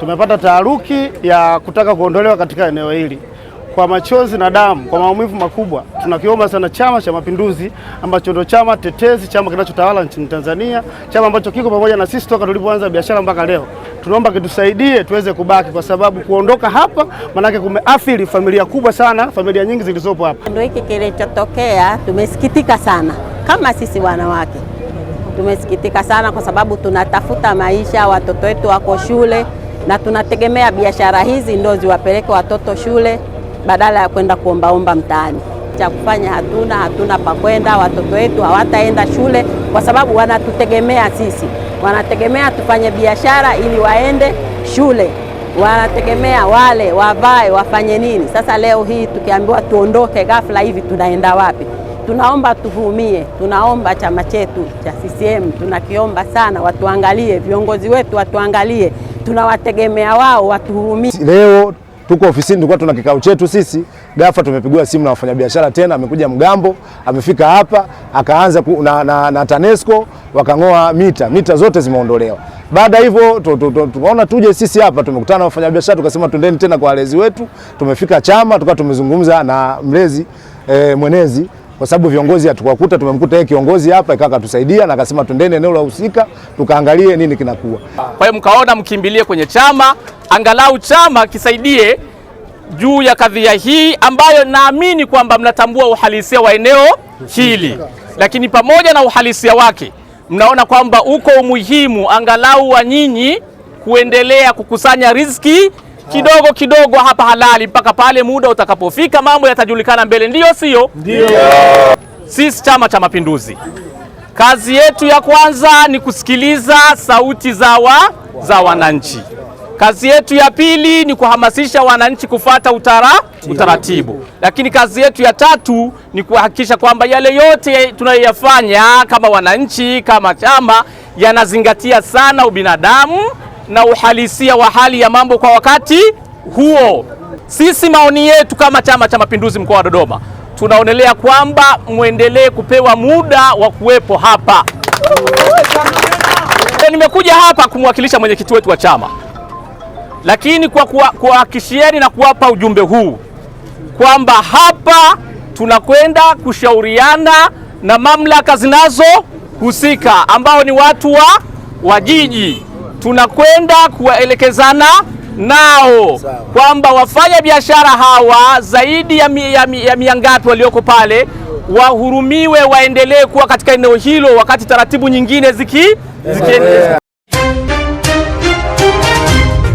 tumepata taharuki ya kutaka kuondolewa katika eneo hili kwa machozi na damu, kwa maumivu makubwa. Tunakiomba sana Chama cha Mapinduzi ambacho ndio chama tetezi, chama kinachotawala nchini Tanzania, chama ambacho kiko pamoja na sisi toka tulipoanza biashara mpaka leo. Tunaomba kitusaidie tuweze kubaki, kwa sababu kuondoka hapa manake kumeathiri familia kubwa sana, familia nyingi zilizopo hapa. Ndio hiki kilichotokea, tumesikitika sana kama sisi wanawake tumesikitika sana, kwa sababu tunatafuta maisha, watoto wetu wako shule na tunategemea biashara hizi ndio ziwapeleke watoto shule badala ya kwenda kuombaomba mtaani. Cha kufanya hatuna, hatuna pa kwenda. Watoto wetu hawataenda shule kwa sababu wanatutegemea sisi, wanategemea tufanye biashara ili waende shule, wanategemea wale, wavae, wafanye nini. Sasa leo hii tukiambiwa tuondoke ghafla hivi, tunaenda wapi? Tunaomba tuvumie, tunaomba chama chetu cha CCM tunakiomba sana, watuangalie viongozi wetu, watuangalie tunawategemea wao watuhurumie. Leo tuko ofisini, tulikuwa tuna kikao chetu sisi, ghafla tumepigiwa simu na wafanyabiashara tena. Amekuja mgambo, amefika hapa akaanza ku, na, na, na TANESCO wakang'oa mita, mita zote zimeondolewa. Baada hivyo tukaona tuje sisi hapa, tumekutana na wafanyabiashara tukasema tuendeni tena kwa walezi wetu. Tumefika chama, tukawa tumezungumza na mlezi e, mwenezi kwa sababu viongozi hatukakuta, Tumemkuta yeye kiongozi hapa, ikawa katusaidia na akasema tuendeni eneo la husika tukaangalie nini kinakuwa. Kwa hiyo mkaona mkimbilie kwenye chama, angalau chama kisaidie juu ya kadhia hii ambayo naamini kwamba mnatambua uhalisia wa eneo hili, lakini pamoja na uhalisia wake mnaona kwamba uko umuhimu angalau wa nyinyi kuendelea kukusanya riziki kidogo kidogo hapa halali mpaka pale muda utakapofika, mambo yatajulikana mbele, ndiyo sio? Ndio. Sisi Chama cha Mapinduzi, kazi yetu ya kwanza ni kusikiliza sauti za wa, za wananchi. Kazi yetu ya pili ni kuhamasisha wananchi kufata utara, utaratibu, lakini kazi yetu ya tatu ni kuhakikisha kwamba yale yote tunayoyafanya kama wananchi, kama chama, yanazingatia sana ubinadamu na uhalisia wa hali ya mambo kwa wakati huo. Sisi maoni yetu kama Chama cha Mapinduzi mkoa wa Dodoma tunaonelea kwamba mwendelee kupewa muda wa kuwepo hapa. Nimekuja hapa kumwakilisha mwenyekiti wetu wa chama, lakini kwa kuwahakikishieni na kuwapa ujumbe huu kwamba hapa tunakwenda kushauriana na mamlaka zinazohusika ambao ni watu wa wajiji jiji tunakwenda kuwaelekezana nao kwamba wafanya biashara hawa zaidi ya, mi, ya, mi, ya miangapi walioko pale wahurumiwe, waendelee kuwa katika eneo hilo, wakati taratibu nyingine ziki, ziki